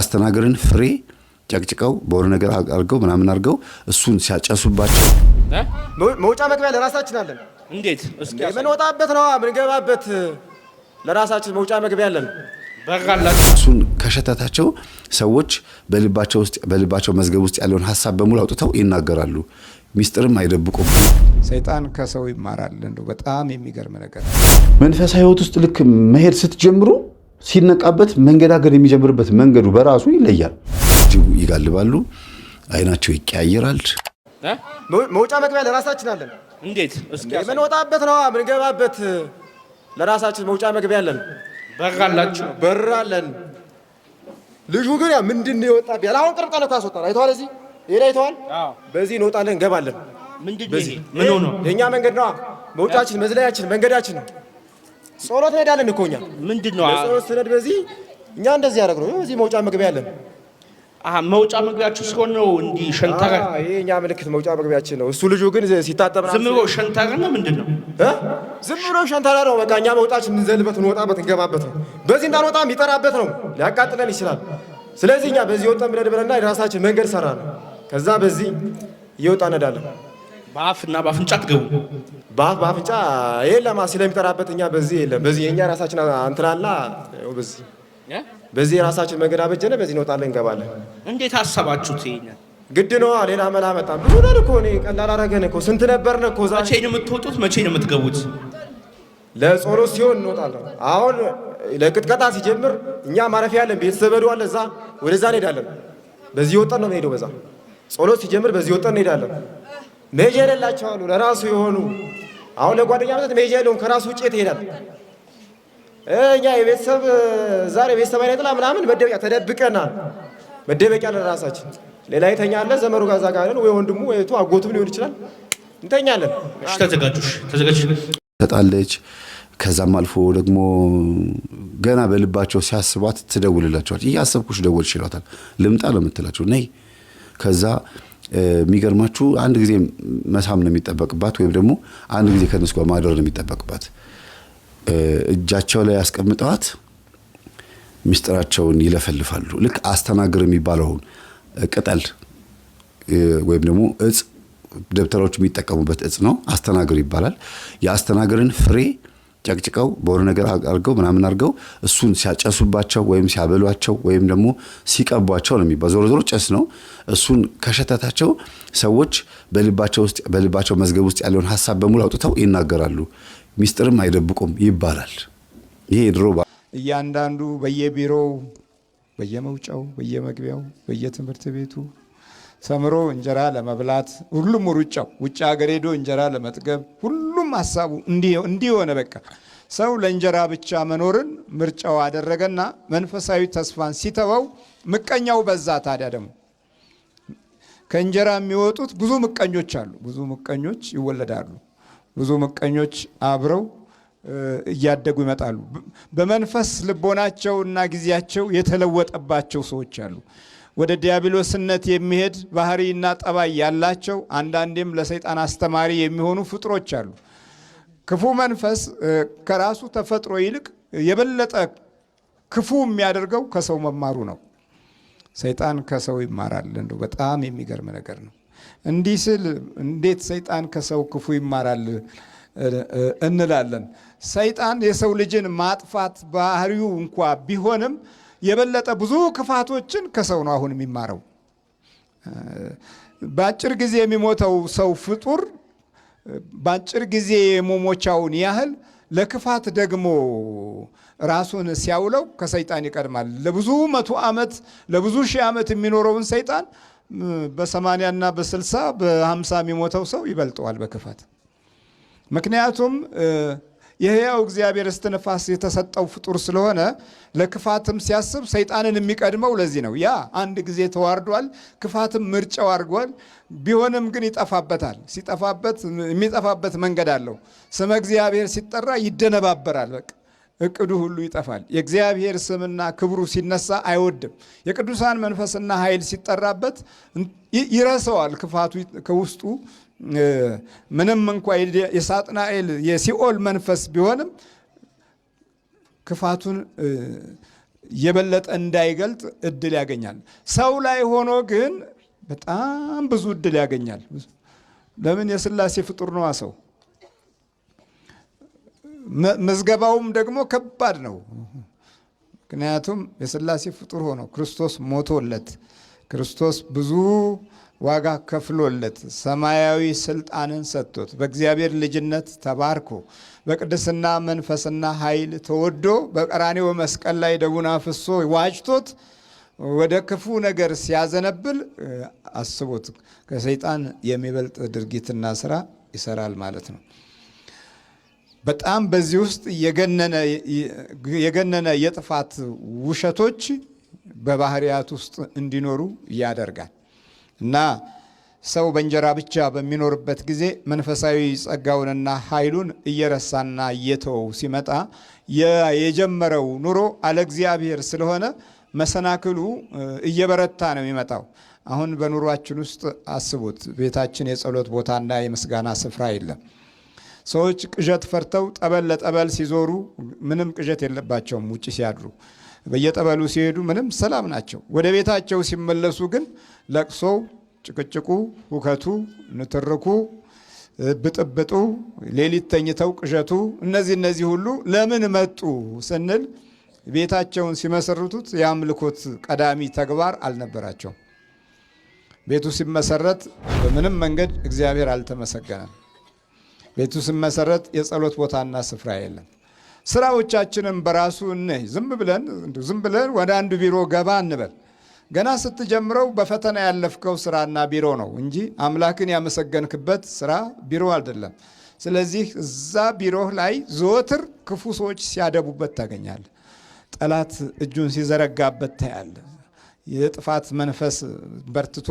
አስተናገርን ፍሬ ጨቅጭቀው በሆነ ነገር አድርገው ምናምን አድርገው እሱን ሲያጨሱባቸው መውጫ መግቢያ ለራሳችን አለን። እንዴት የምንወጣበት ነው የምንገባበት ለራሳችን መውጫ መግቢያ አለን። እሱን ከሸተታቸው ሰዎች በልባቸው መዝገብ ውስጥ ያለውን ሀሳብ በሙሉ አውጥተው ይናገራሉ። ሚስጥርም አይደብቁም። ሰይጣን ከሰው ይማራል። እንደው በጣም የሚገርም ነገር መንፈሳዊ ህይወት ውስጥ ልክ መሄድ ስትጀምሩ ሲነቃበት መንገዳገድ የሚጀምርበት መንገዱ በራሱ ይለያል። ይጋልባሉ፣ አይናቸው ይቀያየራል። መውጫ መግቢያ ለራሳችን አለን። እንዴት የምንወጣበት ነው የምንገባበት። ለራሳችን መውጫ መግቢያ አለን። በራላችሁ በራለን። ልጁ ግን ያ ምንድን ነው የወጣብህ ያለ አሁን ቅርብ ቀን እኮ አስወጣን። አይተዋል፣ እዚህ ይሄ አይተዋል። በዚህ እንወጣለን፣ እንገባለን። ምንድን ነው የእኛ መንገድ ነዋ። መውጫችን መዝለያችን መንገዳችን ነው። ጸሎት እንሄዳለን እኮ እኛ ምንድን ነው ጸሎት ስነድ በዚህ እኛ እንደዚህ ያደረግ ነው። እዚህ መውጫ መግቢያ ያለን መውጫ መግቢያችሁ ስለሆነ ነው እንዲህ ሸንተረ። ይሄ እኛ ምልክት መውጫ መግቢያችን ነው። እሱ ልጁ ግን ሲታጠብ ዝም ብሎ ሸንተረ ነው። ምንድን ነው ዝም ብሎ ሸንተረ ነው። በቃ እኛ መውጣችን የምንዘልበት እንወጣበት፣ እንገባበት ነው። በዚህ እንዳንወጣ የሚጠራበት ነው። ሊያቃጥለን ይችላል። ስለዚህ እኛ በዚህ ወጣን ብለን ብለና የራሳችን መንገድ ሰራ ነው። ከዛ በዚህ እየወጣ ነዳለን። በአፍና በአፍንጫ ትገቡ በአፍ በአፍንጫ የለም ስለሚጠራበት እኛ በዚህ የለም በዚህ የእኛ ራሳችን አንትላላ በዚህ በዚህ የራሳችን መንገድ አበጀነ በዚህ እንወጣለን እንገባለን። እንዴት አሰባችሁት? ይሄኛ ግድ ነው ሌላ መላ መጣም ብዙ ነን እኮ እኔ ቀላል አደረገን እኮ ስንት ነበርን እኮ። ዛሬ መቼ ነው የምትወጡት? መቼ ነው የምትገቡት? ለጸሎት ሲሆን እንወጣለን። አሁን ለቅጥቀጣ ሲጀምር እኛ ማረፊያ ያለን ቤተሰብ አለ፣ እዛ ወደዛ እንሄዳለን። በዚህ ወጠን ነው የምንሄደው። በዛ ጸሎት ሲጀምር በዚህ ወጠን እንሄዳለን። መሄጃ የሌላቸው አሉ ለራሱ የሆኑ አሁን ለጓደኛ መስጠት መሄጃ የለውም። ከራሱ ውጭ ትሄዳል። እኛ የቤተሰብ ዛሬ ቤተሰብ አይነት ጥላ ምናምን መደበቂያ ተደብቀናል። መደበቂያ ለራሳችን ሌላ ይተኛለን። ዘመሩ ጋር እዛ ወይ ወንድሙ ወይ እቱ አጎቱም ሊሆን ይችላል። እንተኛለን። እሺ ተዘጋጁሽ፣ ተዘጋጁሽ ተጣለች። ከዛም አልፎ ደግሞ ገና በልባቸው ሲያስባት ትደውልላቸዋል። እያሰብኩሽ ደወልሽ ይሏታል። ልምጣ ለምትላቸው ነይ ከዛ የሚገርማችሁ አንድ ጊዜ መሳም ነው የሚጠበቅባት ወይም ደግሞ አንድ ጊዜ ከነሱ ጋር ማደር ነው የሚጠበቅባት። እጃቸው ላይ ያስቀምጠዋት ሚስጥራቸውን ይለፈልፋሉ። ልክ አስተናግር የሚባለውን ቅጠል ወይም ደግሞ እጽ ደብተሮች የሚጠቀሙበት እጽ ነው፣ አስተናግር ይባላል። የአስተናግርን ፍሬ ጨቅጭቀው በሆነ ነገር አድርገው ምናምን አድርገው እሱን ሲያጨሱባቸው ወይም ሲያበሏቸው ወይም ደግሞ ሲቀቧቸው ነው የሚባለው። ዞሮ ዞሮ ጨስ ነው። እሱን ከሸተታቸው ሰዎች በልባቸው መዝገብ ውስጥ ያለውን ሀሳብ በሙሉ አውጥተው ይናገራሉ። ሚስጥርም አይደብቁም ይባላል። ይሄ ድሮ እያንዳንዱ በየቢሮው በየመውጫው በየመግቢያው በየትምህርት ቤቱ ተምሮ እንጀራ ለመብላት ሁሉም ሩጫው ውጭ ሀገር ሄዶ እንጀራ ለመጥገብ ሁሉ ሀሳቡ እንዲህ ሆነ። በቃ ሰው ለእንጀራ ብቻ መኖርን ምርጫው አደረገና መንፈሳዊ ተስፋን ሲተወው ምቀኛው በዛ። ታዲያ ደግሞ ከእንጀራ የሚወጡት ብዙ ምቀኞች አሉ። ብዙ ምቀኞች ይወለዳሉ። ብዙ ምቀኞች አብረው እያደጉ ይመጣሉ። በመንፈስ ልቦናቸው እና ጊዜያቸው የተለወጠባቸው ሰዎች አሉ። ወደ ዲያብሎስነት የሚሄድ ባህሪና ጠባይ ያላቸው አንዳንዴም ለሰይጣን አስተማሪ የሚሆኑ ፍጥሮች አሉ። ክፉ መንፈስ ከራሱ ተፈጥሮ ይልቅ የበለጠ ክፉ የሚያደርገው ከሰው መማሩ ነው። ሰይጣን ከሰው ይማራል። እንደው በጣም የሚገርም ነገር ነው። እንዲህ ስል እንዴት ሰይጣን ከሰው ክፉ ይማራል እንላለን። ሰይጣን የሰው ልጅን ማጥፋት ባህሪው እንኳ ቢሆንም የበለጠ ብዙ ክፋቶችን ከሰው ነው አሁን የሚማረው። በአጭር ጊዜ የሚሞተው ሰው ፍጡር በአጭር ጊዜ የመሞቻውን ያህል ለክፋት ደግሞ ራሱን ሲያውለው ከሰይጣን ይቀድማል። ለብዙ መቶ ዓመት ለብዙ ሺህ ዓመት የሚኖረውን ሰይጣን በሰማንያና በስልሳ በሀምሳ የሚሞተው ሰው ይበልጠዋል በክፋት ምክንያቱም የሕያው እግዚአብሔር እስትንፋስ የተሰጠው ፍጡር ስለሆነ ለክፋትም ሲያስብ ሰይጣንን የሚቀድመው ለዚህ ነው። ያ አንድ ጊዜ ተዋርዷል፣ ክፋትም ምርጫው አድርጓል። ቢሆንም ግን ይጠፋበታል። ሲጠፋበት የሚጠፋበት መንገድ አለው። ስመ እግዚአብሔር ሲጠራ ይደነባበራል። በቃ እቅዱ ሁሉ ይጠፋል። የእግዚአብሔር ስምና ክብሩ ሲነሳ አይወድም። የቅዱሳን መንፈስና ኃይል ሲጠራበት ይረሰዋል። ክፋቱ ከውስጡ ምንም እንኳ የሳጥናኤል የሲኦል መንፈስ ቢሆንም ክፋቱን የበለጠ እንዳይገልጥ እድል ያገኛል። ሰው ላይ ሆኖ ግን በጣም ብዙ እድል ያገኛል። ለምን? የስላሴ ፍጡር ነዋ ሰው። መዝገባውም ደግሞ ከባድ ነው። ምክንያቱም የስላሴ ፍጡር ሆኖ ክርስቶስ ሞቶለት ክርስቶስ ብዙ ዋጋ ከፍሎለት ሰማያዊ ስልጣንን ሰጥቶት በእግዚአብሔር ልጅነት ተባርኮ በቅድስና መንፈስና ኃይል ተወዶ በቀራኔው መስቀል ላይ ደሙን አፍሶ ዋጅቶት ወደ ክፉ ነገር ሲያዘነብል አስቦት ከሰይጣን የሚበልጥ ድርጊትና ስራ ይሰራል ማለት ነው። በጣም በዚህ ውስጥ የገነነ የጥፋት ውሸቶች በባህሪያት ውስጥ እንዲኖሩ ያደርጋል እና ሰው በእንጀራ ብቻ በሚኖርበት ጊዜ መንፈሳዊ ጸጋውንና ኃይሉን እየረሳና እየተወው ሲመጣ የጀመረው ኑሮ አለ እግዚአብሔር ስለሆነ መሰናክሉ እየበረታ ነው የሚመጣው። አሁን በኑሯችን ውስጥ አስቡት። ቤታችን የጸሎት ቦታና የምስጋና ስፍራ የለም። ሰዎች ቅዠት ፈርተው ጠበል ለጠበል ሲዞሩ ምንም ቅዠት የለባቸውም። ውጭ ሲያድሩ በየጠበሉ ሲሄዱ ምንም ሰላም ናቸው። ወደ ቤታቸው ሲመለሱ ግን ለቅሶው፣ ጭቅጭቁ፣ ሁከቱ፣ ንትርኩ፣ ብጥብጡ፣ ሌሊት ተኝተው ቅዠቱ፣ እነዚህ እነዚህ ሁሉ ለምን መጡ ስንል ቤታቸውን ሲመሰርቱት የአምልኮት ቀዳሚ ተግባር አልነበራቸውም። ቤቱ ሲመሰረት በምንም መንገድ እግዚአብሔር አልተመሰገነም። ቤቱ ስመሰረት የጸሎት ቦታና ስፍራ የለም። ስራዎቻችንም በራሱ እነ ዝም ብለን ዝም ብለን ወደ አንዱ ቢሮ ገባ እንበል። ገና ስትጀምረው በፈተና ያለፍከው ስራና ቢሮ ነው እንጂ አምላክን ያመሰገንክበት ስራ ቢሮ አይደለም። ስለዚህ እዛ ቢሮህ ላይ ዘወትር ክፉ ሰዎች ሲያደቡበት ታገኛለህ። ጠላት እጁን ሲዘረጋበት ታያለህ። የጥፋት መንፈስ በርትቶ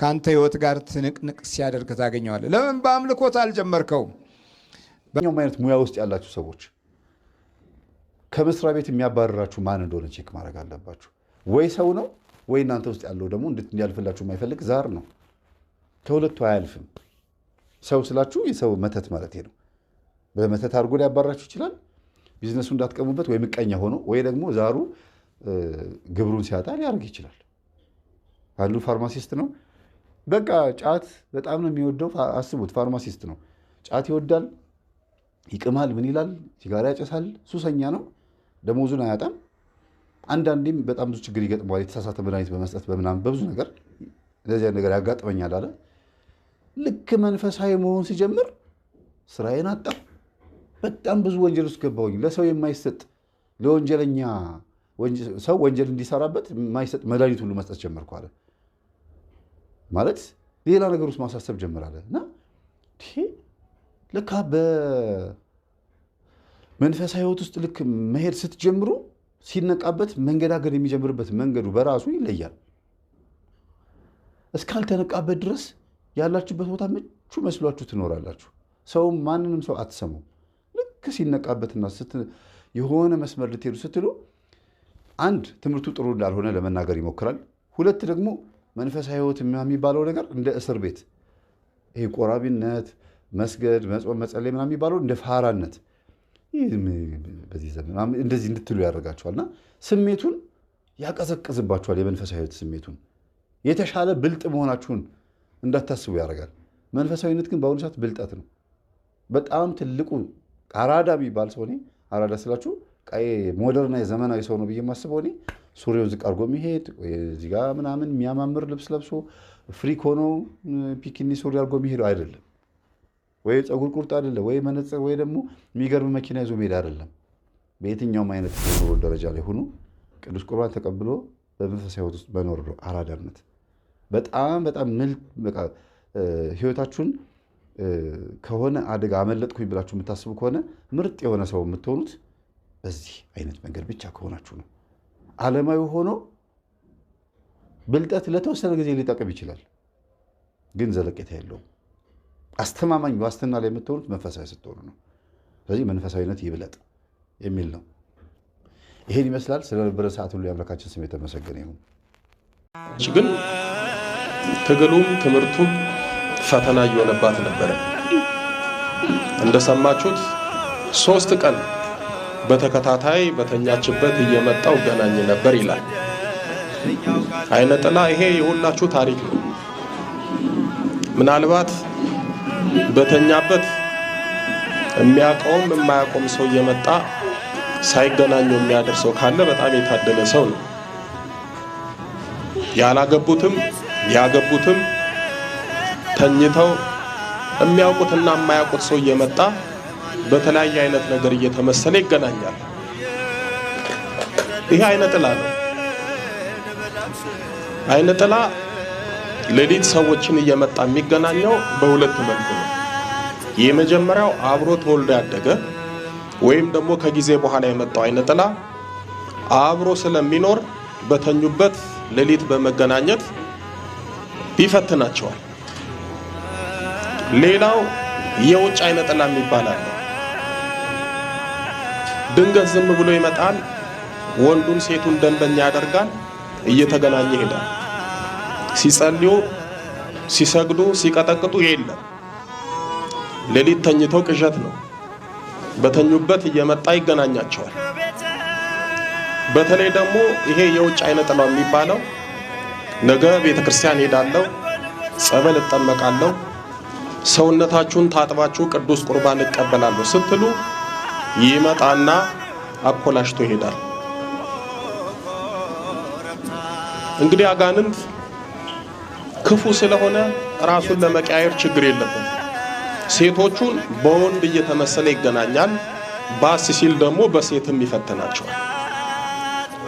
ከአንተ ህይወት ጋር ትንቅንቅ ሲያደርግ ታገኘዋለህ። ለምን በአምልኮት አልጀመርከው? በኛውም አይነት ሙያ ውስጥ ያላችሁ ሰዎች ከመስሪያ ቤት የሚያባረራችሁ ማን እንደሆነ ቼክ ማድረግ አለባችሁ። ወይ ሰው ነው ወይ እናንተ ውስጥ ያለው ደግሞ እንዲያልፍላችሁ የማይፈልግ ዛር ነው። ከሁለቱ አያልፍም። ሰው ስላችሁ የሰው መተት ማለት ነው። በመተት አድርጎ ሊያባራችሁ ይችላል። ቢዝነሱ እንዳትቀሙበት ወይ ምቀኛ ሆኖ ወይ ደግሞ ዛሩ ግብሩን ሲያጣ ሊያደርግ ይችላል። አንዱ ፋርማሲስት ነው። በቃ ጫት በጣም ነው የሚወደው። አስቡት፣ ፋርማሲስት ነው፣ ጫት ይወዳል፣ ይቅማል፣ ምን ይላል፣ ሲጋራ ያጨሳል፣ ሱሰኛ ነው፣ ደሞዙን አያጣም። አንዳንዴም በጣም ብዙ ችግር ይገጥመዋል። የተሳሳተ መድኃኒት በመስጠት በምናም በብዙ ነገር እንደዚህ ነገር ያጋጥመኛል አለ። ልክ መንፈሳዊ መሆን ሲጀምር ስራዬን አጣ። በጣም ብዙ ወንጀል ውስጥ ገባውኝ፣ ለሰው የማይሰጥ ለወንጀለኛ ሰው ወንጀል እንዲሰራበት የማይሰጥ መድኃኒት ሁሉ መስጠት ጀመርኩ አለ። ማለት ሌላ ነገር ውስጥ ማሳሰብ ጀምራለ እና ልካ በመንፈሳዊ ህይወት ውስጥ ልክ መሄድ ስትጀምሩ ሲነቃበት መንገዳገድ የሚጀምርበት መንገዱ በራሱ ይለያል። እስካልተነቃበት ድረስ ያላችሁበት ቦታ ምቹ መስሏችሁ ትኖራላችሁ። ሰውም ማንንም ሰው አትሰሙም። ልክ ሲነቃበትና የሆነ መስመር ልትሄዱ ስትሉ አንድ ትምህርቱ ጥሩ እንዳልሆነ ለመናገር ይሞክራል። ሁለት ደግሞ መንፈሳዊ ህይወት የሚባለው ነገር እንደ እስር ቤት ይሄ ቆራቢነት፣ መስገድ፣ መጾም፣ መጸለይ ምናምን የሚባለው እንደ ፋራነት በዚህ ዘመን እንደዚህ እንድትሉ ያደርጋቸዋልና ስሜቱን ያቀዘቅዝባቸዋል። የመንፈሳዊ ህይወት ስሜቱን የተሻለ ብልጥ መሆናችሁን እንዳታስቡ ያደርጋል። መንፈሳዊነት ግን በአሁኑ ሰዓት ብልጠት ነው። በጣም ትልቁ አራዳ የሚባል ሰው እኔ አራዳ ስላችሁ ሞደርና የዘመናዊ ሰው ነው ብዬ የማስበው እኔ ሱሪውን ዝቅ አድርጎ የሚሄድ እዚህ ጋ ምናምን የሚያማምር ልብስ ለብሶ ፍሪክ ሆኖ ፒኪኒ ሱሪ አድርጎ የሚሄደው አይደለም። ወይ ፀጉር ቁርጥ አይደለም፣ ወይ መነፅር፣ ወይ ደግሞ የሚገርም መኪና ይዞ መሄድ አይደለም። በየትኛውም አይነት ኑሮ ደረጃ ላይ ሆኖ ቅዱስ ቁርባን ተቀብሎ በመንፈሳዊ ሕይወት ውስጥ መኖር ነው አራዳነት። በጣም በጣም ምልጥ ሕይወታችሁን ከሆነ አደጋ አመለጥኩኝ ብላችሁ የምታስቡ ከሆነ ምርጥ የሆነ ሰው የምትሆኑት በዚህ አይነት መንገድ ብቻ ከሆናችሁ ነው። ዓለማዊ ሆኖ ብልጠት ለተወሰነ ጊዜ ሊጠቅም ይችላል፣ ግን ዘለቄታ የለውም። አስተማማኝ ዋስትና ላይ የምትሆኑት መንፈሳዊ ስትሆኑ ነው። ስለዚህ መንፈሳዊነት ይብለጥ የሚል ነው። ይሄን ይመስላል። ስለነበረ ሰዓት ሁሉ የአምላካችን ስም የተመሰገነ ይሁን። ግን ትግሉም ትምህርቱም ፈተና እየሆነባት ነበረ። እንደሰማችሁት ሶስት ቀን በተከታታይ በተኛችበት እየመጣው ገናኝ ነበር ይላል አይነ ጥላ። ይሄ የሁላችሁ ታሪክ ነው። ምናልባት በተኛበት የሚያውቀውም የማያውቀውም ሰው እየመጣ ሳይገናኙ የሚያደርሰው ካለ በጣም የታደለ ሰው ነው። ያላገቡትም ያገቡትም ተኝተው የሚያውቁትና የማያውቁት ሰው እየመጣ በተለያየ አይነት ነገር እየተመሰለ ይገናኛል። ይሄ አይነ ጥላ ነው። አይነ ጥላ ሌሊት ሰዎችን እየመጣ የሚገናኘው በሁለት መልኩ ነው። የመጀመሪያው አብሮ ተወልዶ ያደገ ወይም ደግሞ ከጊዜ በኋላ የመጣው አይነ ጥላ አብሮ ስለሚኖር በተኙበት ሌሊት በመገናኘት ይፈትናቸዋል። ሌላው የውጭ አይነ ጥላ የሚባል አለ። ድንገት ዝም ብሎ ይመጣል። ወንዱን ሴቱን ደንበኛ ያደርጋል። እየተገናኘ ይሄዳል። ሲጸልዩ፣ ሲሰግዱ፣ ሲቀጠቅጡ የለም። ሌሊት ተኝተው ቅዠት ነው። በተኙበት እየመጣ ይገናኛቸዋል። በተለይ ደግሞ ይሄ የውጭ አይነ ጥላ የሚባለው ነገ ቤተ ክርስቲያን ሄዳለሁ፣ ጸበል እጠመቃለሁ፣ ሰውነታችሁን ታጥባችሁ ቅዱስ ቁርባን እቀበላለሁ ስትሉ ይመጣና አኮላሽቶ ይሄዳል። እንግዲህ አጋንንት ክፉ ስለሆነ ራሱን ለመቀያየር ችግር የለበት። ሴቶቹን በወንድ እየተመሰለ ይገናኛል፣ ባስ ሲል ደግሞ በሴትም ይፈትናቸዋል።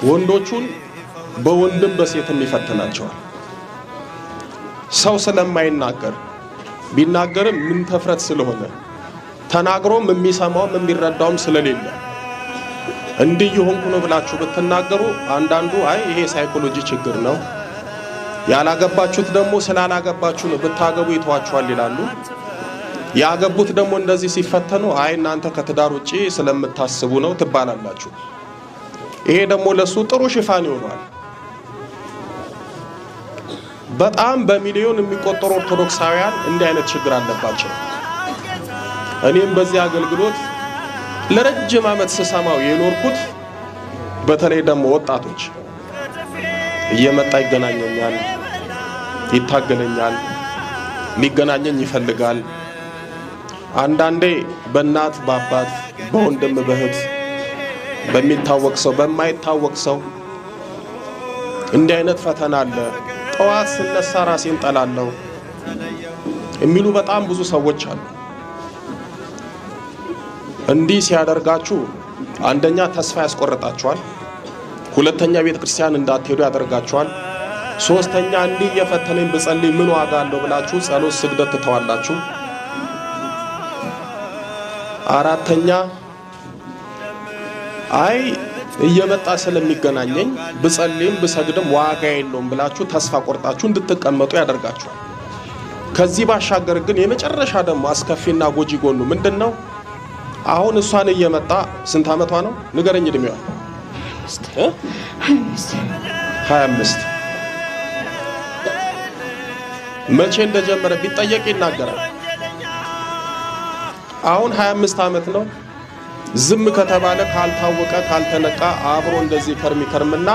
ወንዶቹን በወንድም በሴትም ይፈትናቸዋል። ሰው ስለማይናገር ቢናገርም ምን ተፍረት ስለሆነ ተናግሮም የሚሰማውም የሚረዳውም ስለሌለ እንዲህ የሆንኩ ነው ብላችሁ ብትናገሩ አንዳንዱ አይ ይሄ ሳይኮሎጂ ችግር ነው፣ ያላገባችሁት ደግሞ ስላላገባችሁ ነው ብታገቡ ይተዋችኋል ይላሉ። ያገቡት ደግሞ እንደዚህ ሲፈተኑ አይ እናንተ ከትዳር ውጪ ስለምታስቡ ነው ትባላላችሁ። ይሄ ደግሞ ለሱ ጥሩ ሽፋን ይሆናል። በጣም በሚሊዮን የሚቆጠሩ ኦርቶዶክሳውያን እንዲህ አይነት ችግር አለባቸው። እኔም በዚህ አገልግሎት ለረጅም ዓመት ስሰማው የኖርኩት በተለይ ደግሞ ወጣቶች እየመጣ ይገናኘኛል፣ ይታገለኛል፣ ሊገናኘኝ ይፈልጋል። አንዳንዴ በእናት በአባት በወንድም በእህት በሚታወቅ ሰው በማይታወቅ ሰው እንዲህ አይነት ፈተና አለ። ጠዋት ስነሳ ራሴን ጠላለሁ የሚሉ በጣም ብዙ ሰዎች አሉ። እንዲህ ሲያደርጋችሁ አንደኛ ተስፋ ያስቆርጣችኋል፣ ሁለተኛ ቤተ ክርስቲያን እንዳትሄዱ ያደርጋችኋል፣ ሶስተኛ እንዲህ እየፈተነኝ ብጸልይ ምን ዋጋ አለው ብላችሁ ጸሎት፣ ስግደት ትተዋላችሁ። አራተኛ አይ እየመጣ ስለሚገናኘኝ ብጸልይም ብሰግድም ዋጋ የለውም ብላችሁ ተስፋ ቆርጣችሁ እንድትቀመጡ ያደርጋችኋል። ከዚህ ባሻገር ግን የመጨረሻ ደግሞ አስከፊና ጎጂ ጎኑ ምንድን ነው? አሁን እሷን እየመጣ ስንት ዓመቷ ነው ንገረኝ እድሜዋ? ሀያ አምስት መቼ እንደጀመረ ቢጠየቅ ይናገራል። አሁን 25 ዓመት ነው። ዝም ከተባለ ካልታወቀ፣ ካልተነቃ አብሮ እንደዚህ ከርሚ ከርምና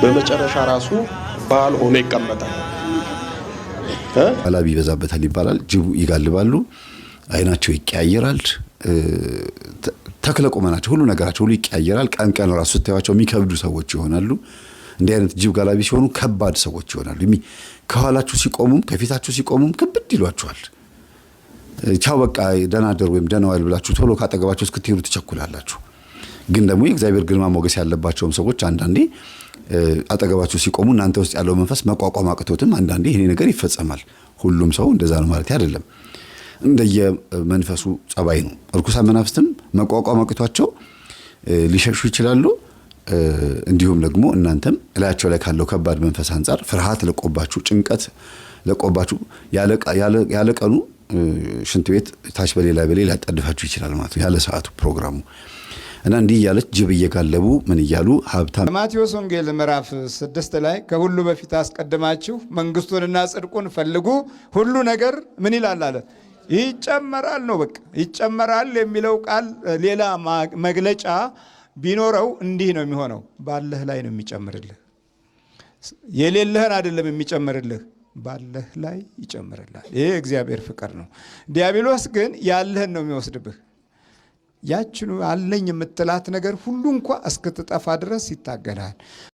በመጨረሻ ራሱ ባል ሆኖ ይቀመጣል። ባላ ይበዛበታል ይባላል። ጅቡ ይጋልባሉ። አይናቸው ይቀያየራል። ተክለ ሁሉ ነገራቸው ሁሉ ይቀያየራል። ቀን ቀን ራሱ ስታዩቸው የሚከብዱ ሰዎች ይሆናሉ። እንዲህ አይነት ጅብ ጋላቢ ሲሆኑ ከባድ ሰዎች ይሆናሉ። ከኋላችሁ ሲቆሙም ከፊታችሁ ሲቆሙም ክብድ ይሏችኋል። ቻው በቃ ደህና ወይም ደህና ዋል ብላችሁ ቶሎ ካጠገባቸው እስክትሄዱ ትቸኩላላችሁ። ግን ደግሞ የእግዚአብሔር ግርማ ሞገስ ያለባቸውም ሰዎች አንዳንዴ አጠገባቸው ሲቆሙ እናንተ ውስጥ ያለው መንፈስ መቋቋም አቅቶትም አንዳንዴ ይሄ ነገር ይፈጸማል። ሁሉም ሰው እንደዛ ነው ማለት አይደለም። እንደየመንፈሱ ጸባይ ነው። እርኩሳን መናፍስትም መቋቋም አቅቷቸው ሊሸሹ ይችላሉ። እንዲሁም ደግሞ እናንተም እላያቸው ላይ ካለው ከባድ መንፈስ አንጻር ፍርሃት ለቆባችሁ፣ ጭንቀት ለቆባችሁ ያለ ቀኑ ሽንት ቤት ታች በሌላ በሌ ሊያጣድፋችሁ ይችላል ማለት ነው ያለ ሰዓቱ ፕሮግራሙ እና እንዲህ እያለች ጅብ እየጋለቡ ምን እያሉ ሀብታም ማቴዎስ ወንጌል ምዕራፍ ስድስት ላይ ከሁሉ በፊት አስቀድማችሁ መንግስቱንና ጽድቁን ፈልጉ ሁሉ ነገር ምን ይላል አለ ይጨመራል ነው በቃ ይጨመራል የሚለው ቃል ሌላ መግለጫ ቢኖረው እንዲህ ነው የሚሆነው። ባለህ ላይ ነው የሚጨምርልህ። የሌለህን አይደለም የሚጨምርልህ፣ ባለህ ላይ ይጨምርላል። ይሄ እግዚአብሔር ፍቅር ነው። ዲያብሎስ ግን ያለህን ነው የሚወስድብህ። ያችኑ አለኝ የምትላት ነገር ሁሉ እንኳ እስክትጠፋ ድረስ ይታገላል።